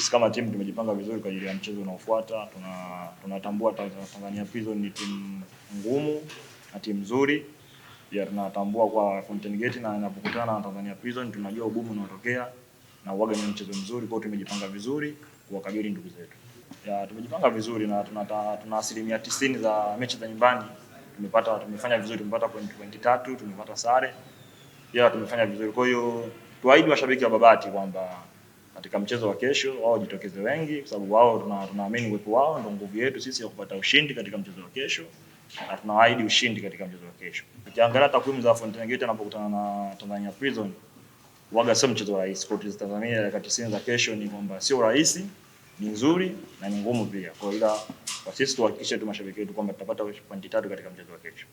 sisi kama timu tumejipanga vizuri kwa ajili ya mchezo unaofuata. Tuna tunatambua Tanzania Prison ni timu ngumu na timu nzuri pia, tunatambua kwa Fountain Gate na inapokutana na Tanzania Prison tunajua ugumu unaotokea na uwaga ni mchezo mzuri kwao. Tumejipanga vizuri kuwakabili ndugu zetu ya, tumejipanga vizuri na tuna, tuna asilimia 90 za mechi za nyumbani tumepata, tumefanya vizuri, tumepata point 23, tumepata sare pia, tumefanya vizuri. Kwa hiyo tuahidi washabiki wa Babati kwamba katika mchezo wa kesho, wao jitokeze wengi, kwa sababu wao tunaamini uwepo wao ndio nguvu yetu sisi ya kupata ushindi katika mchezo wa kesho, na tunaahidi ushindi katika mchezo wa kesho. Ukiangalia takwimu za Fountain Gate anapokutana na Tanzania Prison, waga sio mchezo rahisi. Kwa hiyo Tanzania dakika 90 za kesho ni kwamba sio rahisi, ni nzuri na ni ngumu pia. Kwa hiyo ila kwa sisi tuhakikishe tu mashabiki wetu kwamba tutapata pointi tatu katika mchezo wa kesho.